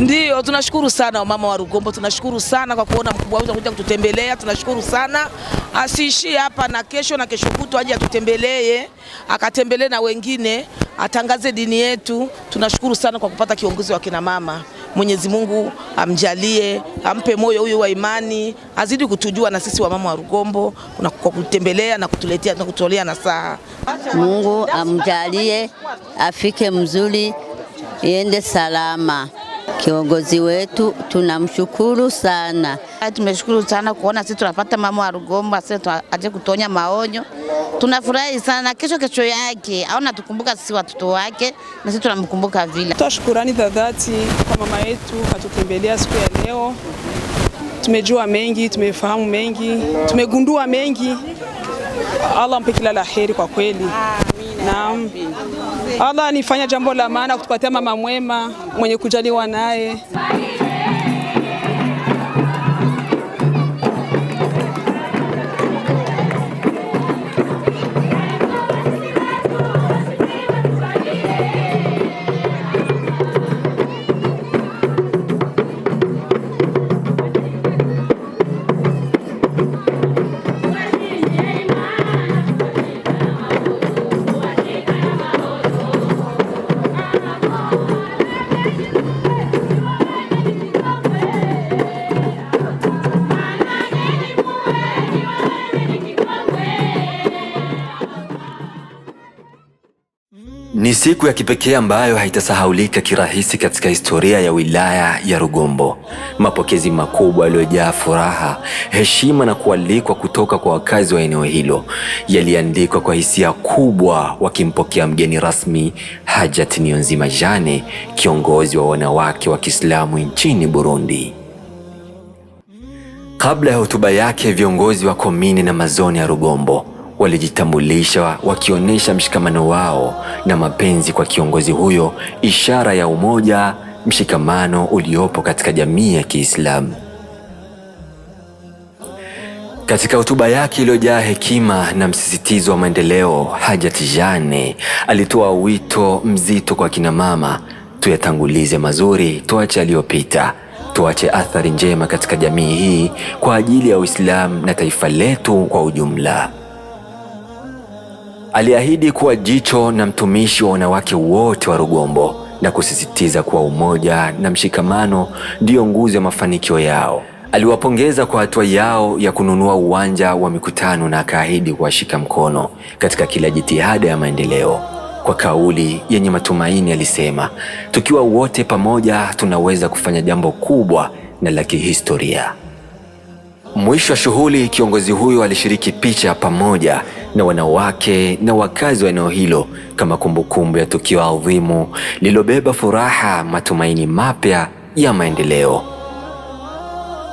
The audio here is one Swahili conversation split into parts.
Ndiyo, tunashukuru sana wamama wa Rugombo, tunashukuru sana kwa kuona mkubwa wetu anakuja kututembelea. Tunashukuru sana, asiishie hapa na kesho na kesho kutu aje atutembelee, akatembelee na wengine, atangaze dini yetu. Tunashukuru sana kwa kupata kiongozi wa kina mama. Mwenyezi Mungu amjalie, ampe moyo huyo wa imani, azidi kutujua na sisi wamama wa Rugombo kwa kutembelea na kutuletea na kutolea saa. Mungu amjalie afike mzuri, iende salama. Kiongozi wetu tunamshukuru sana. Tumeshukuru sana kuona sisi tunapata mama wa Rugombo aje kutonya maonyo, tunafurahi sana. Kesho kesho yake aona tukumbuka sisi watoto wake na sisi tunamkumbuka vile. Toa shukurani za dhati kwa mama yetu katutembelea siku ya leo. Tumejua mengi, tumefahamu mengi, tumegundua mengi. Allah ampe kila la heri kwa kweli. Amina. Naam. Allah anifanya jambo la maana kutupatia mama mwema mwenye kujaliwa naye. Ni siku ya kipekee ambayo haitasahaulika kirahisi katika historia ya wilaya ya Rugombo. Mapokezi makubwa yaliyojaa furaha, heshima na kualikwa kutoka kwa wakazi wa eneo hilo yaliandikwa kwa hisia kubwa, wakimpokea mgeni rasmi Hajat Niyonzima-Jane, kiongozi wa wanawake wa Kiislamu nchini Burundi. Kabla ya hotuba yake, viongozi wa komini na mazoni ya Rugombo walijitambulisha wakionyesha mshikamano wao na mapenzi kwa kiongozi huyo, ishara ya umoja, mshikamano uliopo katika jamii ya Kiislamu. Katika hotuba yake iliyojaa hekima na msisitizo wa maendeleo, Hajat Jane alitoa wito mzito kwa kina mama: tuyatangulize mazuri, tuache aliyopita tuache athari njema katika jamii hii kwa ajili ya Uislamu na taifa letu kwa ujumla. Aliahidi kuwa jicho na mtumishi wa wanawake wote wa Rugombo na kusisitiza kuwa umoja na mshikamano ndiyo nguzo ya mafanikio yao. Aliwapongeza kwa hatua yao ya kununua uwanja wa mikutano na akaahidi kuwashika mkono katika kila jitihada ya maendeleo. Kwa kauli yenye matumaini alisema, tukiwa wote pamoja tunaweza kufanya jambo kubwa na la kihistoria. Mwisho wa shughuli, kiongozi huyo alishiriki picha pamoja na wanawake na wakazi wa eneo hilo kama kumbukumbu ya tukio adhimu lilobeba furaha, matumaini mapya ya maendeleo.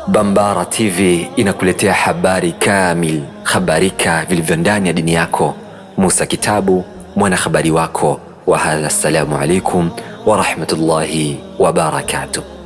Bambara TV inakuletea habari kamili, habarika vilivyo ndani ya dini yako. Musa Kitabu, mwanahabari wako wa hadha. Assalamu alaikum wa rahmatullahi wa barakatuh.